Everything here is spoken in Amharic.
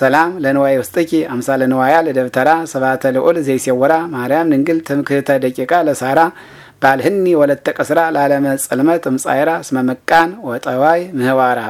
ሰላም ለንዋይ ውስጥኪ አምሳ ለንዋያ ለደብተራ ሰባተ ልዑል ዘይሴወራ ማርያም ድንግል ትምክህተ ደቂቃ ለሳራ ባልህኒ ወለተቀስራ ላለመ ጸልመት እምጻይራ እስመ ወጠዋይ ምህዋራ